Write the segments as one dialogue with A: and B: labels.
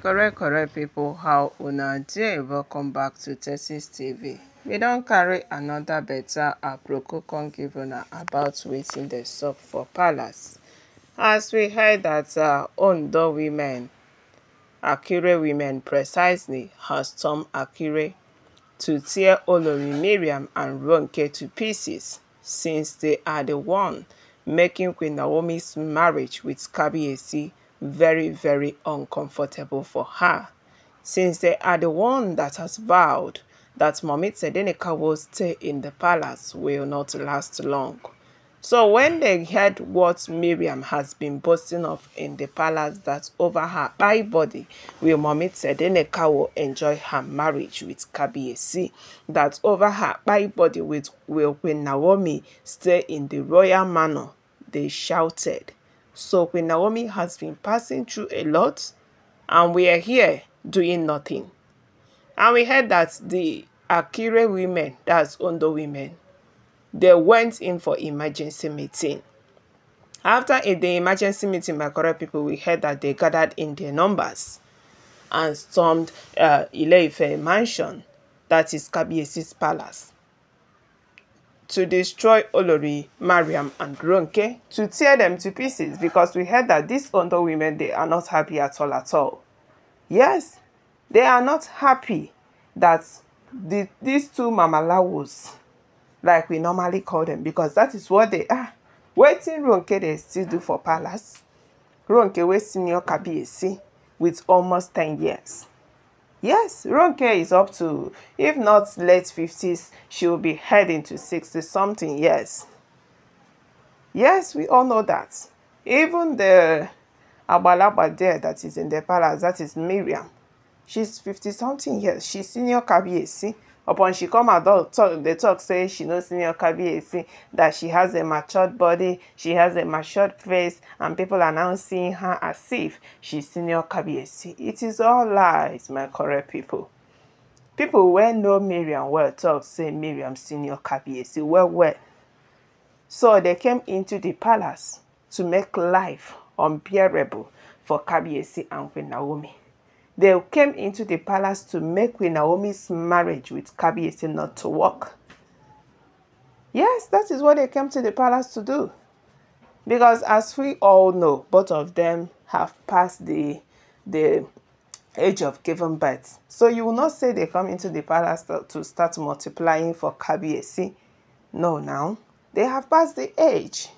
A: correct correct people. how una dey welcome back to texas tv we don't carry another better aproko come give una about wetin the sup for palace as we heard that uh, ondo women akure women precisely has stormed akure to tear olori Miriam and ronke to pieces since they are the one making queen naomi's marriage with kabiyesi very, very uncomfortable for her, since they are the one that has vowed that Mamit Sedeneka will stay in the palace will not last long. So when they heard what Miriam has been boasting of in the palace that over her by body will Mamit Sedeneka will enjoy her marriage with Kabiesi, that over her by body will Queen Naomi stay in the royal manor, they shouted. So Queen Naomi has been passing through a lot and we are here doing nothing. And we heard that the Akire women, that's Ondo women, they went in for emergency meeting. After the emergency meeting, my correct people, we heard that they gathered in their numbers and stormed uh, ile mansion, that is Kabiesi's palace to destroy Olori, Mariam, and Ronke, to tear them to pieces because we heard that these under women, they are not happy at all at all. Yes, they are not happy that the, these two mamalawos, like we normally call them, because that is what they are. Ah, wetin Ronke they still do for palace? Ronke wey senior Kabiyesi with almost 10 years. Yes, Ronke is up to, if not late 50s, she will be heading to 60 something years. Yes, we all know that. Even the Abalaba there that is in the palace, that is Miriam. She's 50 something years. She's senior Kabiesi upon she come out talk dey talk say she no senior kabiyesi that she has a matured body she has a matured face and people are now seeing her as if she senior kabiyesi it is all lies my correct people people wey know Miriam well talk say Miriam senior kabiyesi well well so they came into the palace to make life unbearable for kabiyesi and queen naomi. They came into the palace to make Queen Naomi's marriage with Kabiesi not to work. Yes, that is what they came to the palace to do. Because as we all know, both of them have passed the, the age of giving birth. So you will not say they come into the palace to start multiplying for Kabiesi. No, now. They have passed the age.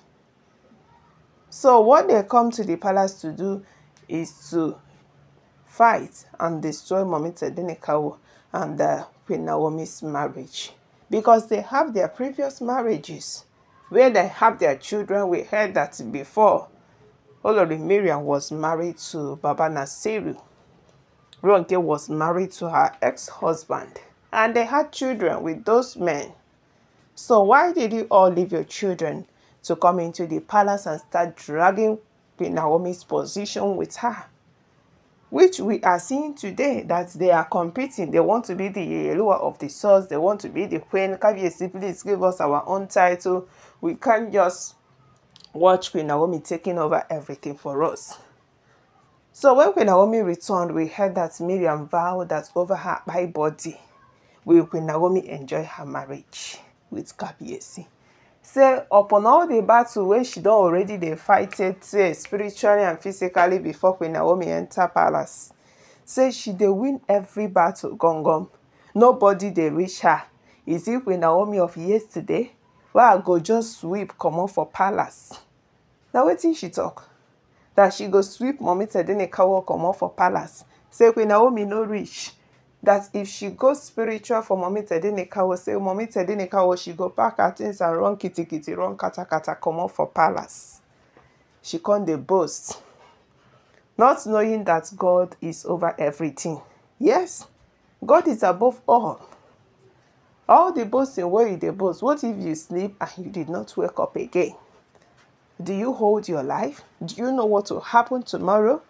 A: So what they come to the palace to do is to fight and destroy Mommy Tedenekawo and uh, Queen Naomi's marriage. Because they have their previous marriages where they have their children. We heard that before. Olori Miriam was married to Baba Nasiru. Ronke was married to her ex-husband. And they had children with those men. So why did you all leave your children to come into the palace and start dragging Queen Naomi's position with her? which we are seeing today that they are competing. They want to be the Yeluwa of the source. They want to be the Queen. Kabiyesi, please give us our own title. We can't just watch Queen Naomi taking over everything for us. So when Queen Naomi returned, we heard that Miriam vowed that over her high body, will Queen Naomi enjoy her marriage with Kabiyesi. say upon all the battle wey she don already dey fighted spiritually and physically before queen naomi enter palace say she dey win every battle gum nobody dey reach her is it queen naomi of yesterday wey i go just sweep comot for palace na wetin she talk that she go sweep momi tedenikawo comot for palace say queen naomi no reach that if she go spiritual for Mommy Tedenekawo say Mommy Tedenekawo oh, she go pack her things and run kitikiti run katakata comot for palace she come dey boast not knowing that God is over everything yes God is above all all the boasting wey you dey boast what if you sleep and you did not wake up again do you hold your life do you know what will happen tomorrow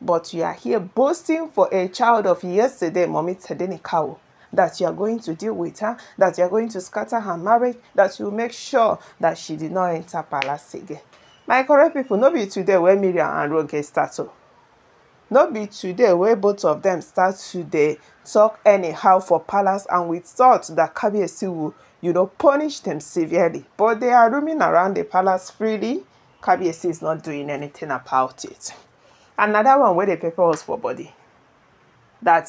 A: but you are here boasting for a child of yesterday, Mommy Tedenikawo, that you are going to deal with her, that you are going to scatter her marriage, that you make sure that she did not enter palace again. My correct people, no be today where Miriam and Ronke start o. No be today where both of them start to dey talk anyhow for palace and with thought that Kabiyesi will, you know, punish them severely. But they are roaming around the palace freely. Kabiyesi is not doing anything about it another one where dey pepper us for body that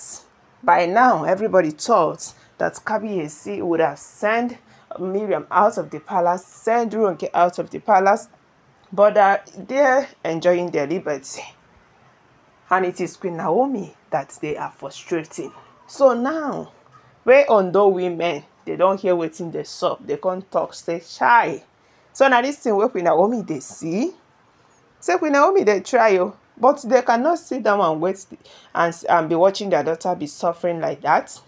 A: by now everybody thought that Kabi kabiyesi would have sent miriam out of the palace sent ronke out of the palace but uh, they're enjoying their liberty and it is queen naomi that they are frustrating so now where on those women they don't hear wetin the sup they can't talk say shy. so now this thing where queen naomi they see say queen naomi they try o oh. But they cannot sit down and wait and, and be watching their daughter be suffering like that.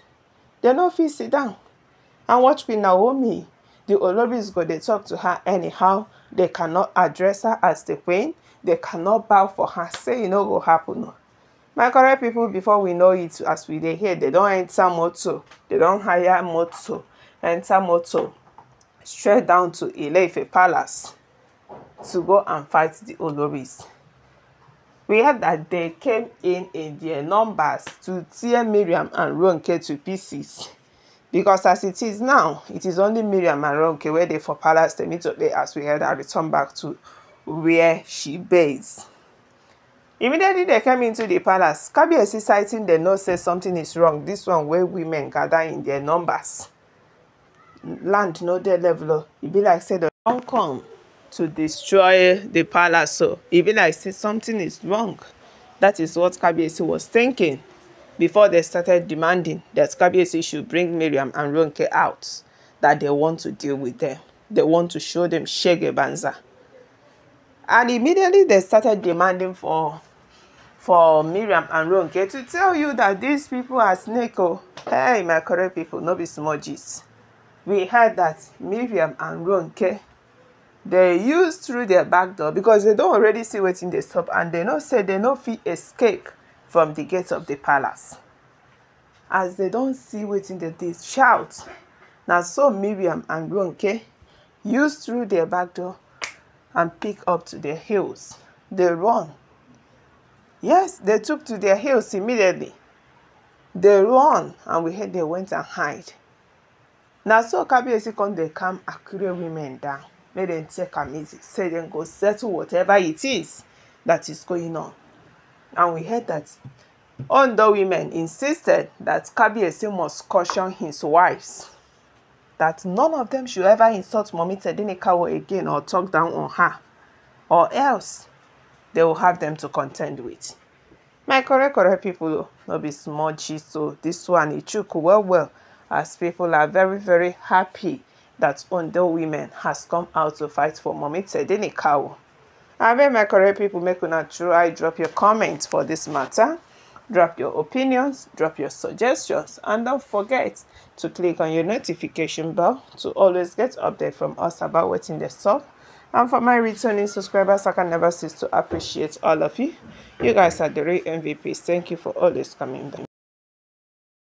A: They no fit sit down and watch Queen Naomi. The Olobis go They talk to her anyhow. They cannot address her as the queen. They cannot bow for her. Say you e know go happen. My correct people, before we know it, as we dey hear, they don't enter moto. They don't hire moto. Enter moto straight down to Ile Palace to go and fight the Oloris. We heard that they came in in their numbers to tear Miriam and Ronke to pieces. Because as it is now, it is only Miriam and Ronke where they for Palace immediately as we heard her return back to where she based. Immediately they came into the palace, Kabiyesi citing the note says something is wrong. This one where women gather in their numbers. Land no their level o. E be like said dem don come. to destroy the palace. So even I said something is wrong. That is what Kabiesi was thinking before they started demanding that Kabiesi should bring Miriam and Ronke out, that they want to deal with them. They want to show them Shege Banza. And immediately they started demanding for for Miriam and Ronke to tell you that these people are snake. Oh. Hey, my correct people, no be smudges. We heard that Miriam and Ronke they use through their back door because they don't already see what's in the top, and they know say they no fit escape from the gate of the palace as they don't see what's in the this. shout now! so miriam and ronke use through their back door and pick up to their heels They run yes they took to their heels immediately They run and we heard they went and hide Now, so they come a clear akure women down May dem take am easy say dem go settle whatever it is that is going on and we heard that ondo women insisted that kabiyesi must caution his wives that none of them should ever insult mummy tedinikawo again or talk down on her or else they will have them to contend with my correct correct people no be small gist o this one e chook well well as people are very very happy that Ondo women has come out to fight for Momite Denikawo. I beg my correct people make una I drop your comments for this matter. Drop your opinions, drop your suggestions, and don't forget to click on your notification bell to always get update from us about what's in the shop. And for my returning subscribers, I can never cease to appreciate all of you. You guys are the real MVPs. Thank you for always coming back.